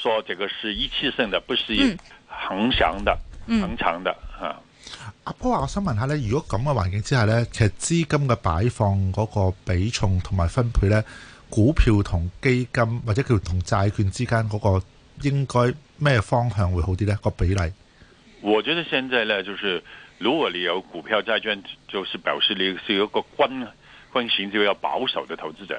說這個是一次性的，不是恒常的、恒、嗯、長的。啊阿波啊，我想問下呢，如果咁嘅環境之下呢，其實資金嘅擺放嗰個比重同埋分配呢，股票同基金或者叫同債券之間嗰個應該咩方向會好啲呢？個比例，我覺得現在呢，就是如果你有股票債券，就是表示你是一個均均衡型，就要保守的投資者。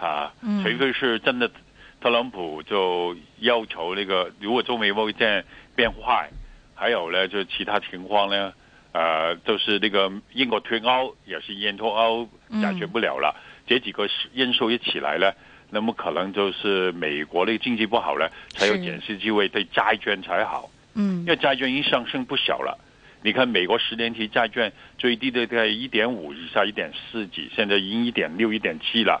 啊，除、嗯、非是真的特朗普就要求那個，如果中美貿易戰變壞，還有呢，就其他情況呢，呃，就是那個英國脫歐，也是英脫歐解決不了了，嗯、這幾個因素一起來呢，那麼可能就是美國那個經濟不好了，才有減息機會，對債券才好。嗯是，因為債券已經上升不小了，嗯、你看美國十年期債券最低都在一點五以下，一點四幾，現在已經一點六、一點七了。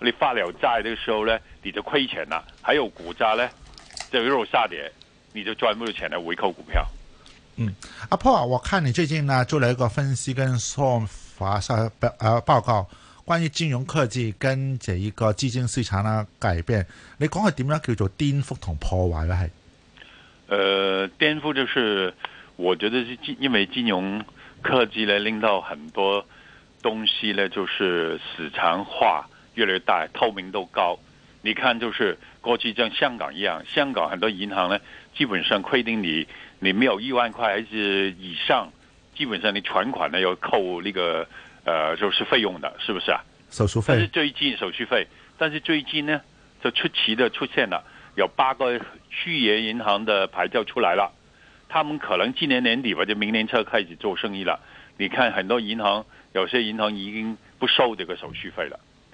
你發了債的時候咧，你就虧錢啦，還有股價咧，就一路下跌，你就賺唔到錢嚟回購股票。嗯、阿 Paul、啊，我看你最近呢做了一個分析跟算法，誒、呃，報告關於金融科技跟這一個基金市場呢改變，你講嘅點樣叫做顛覆同破壞咧？係？誒，顛覆就是我覺得是因為金融科技咧令到很多東西咧，就是市場化。越來越大，透明度高。你看，就是過去像香港一樣，香港很多銀行呢，基本上規定你你沒有一萬塊還是以上，基本上你全款呢要扣那個呃就是費用的，是不是啊？手續費。但是最近手續費，但是最近呢就出奇的出現了，有八個虛擬銀行的牌照出來了。他們可能今年年底或者明年初開始做生意了。你看很多銀行，有些銀行已經不收這個手續費了。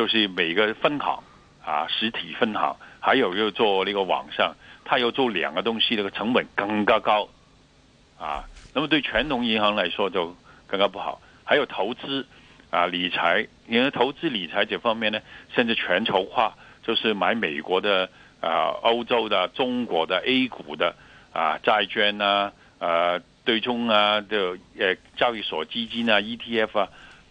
就是每個分行啊，實體分行，還有又做那個網上，他又做兩個東西，那個成本更加高啊。那麼對傳統銀行來說就更加不好。還有投資啊理財，因為投資理財這方面呢，甚至全球化，就是買美國的啊、歐洲的、中國的 A 股的啊債券啊、啊、呃、對沖啊的誒交易所基金啊、ETF 啊。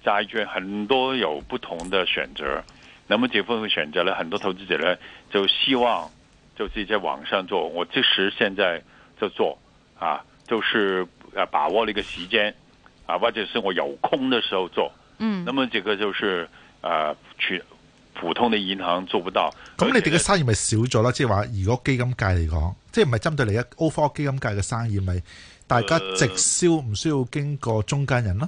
債券很多有不同的選擇，那麼這部分選擇呢，很多投資者呢，就希望就是在網上做，我即時現在就做啊，就是啊把握呢個時間啊，或者是我有空的時候做。嗯，那麼這個就是啊，全普通的銀行做不到。咁你哋嘅生意咪少咗咯？即係話，如果基金界嚟講，即係唔係針對你一 a l 方基金界嘅生意，咪大家直銷唔需要經過中間人咯？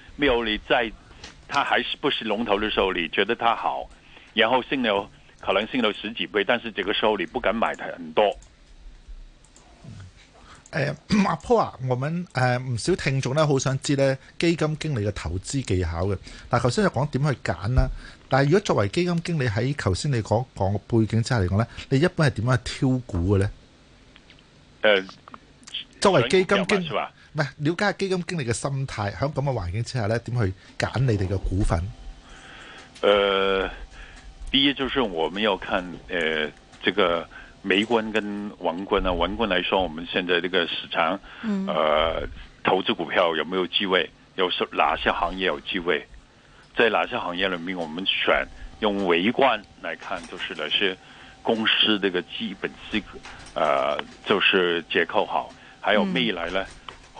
沒有你，在，他還是不是龍頭的時候，你覺得他好，然後升了，可能升了十幾倍，但是這個時候你不敢買太多。誒、呃，阿、啊、Paul 啊，我們誒唔少聽眾呢，好想知呢基金經理嘅投資技巧嘅、啊。但頭先就講點去揀啦，但係如果作為基金經理喺頭先你講講嘅背景之下嚟講呢，你一般係點樣去挑股嘅呢？誒、呃，作為基金經理。呃想想想唔係，瞭解基金經理嘅心態，喺咁嘅環境之下呢，點去揀你哋嘅股份？誒、呃，第一就是我們要看誒、呃，這個微觀跟宏觀啊。宏觀嚟講，我們現在呢個市場，誒、呃，投資股票有沒有機會？有是哪些行業有機會？在哪些行業裏面，我們選用微觀來看，就是是公司的基本、呃，就是那些公司呢個基本資格，誒，就是結構好，還有未來呢。嗯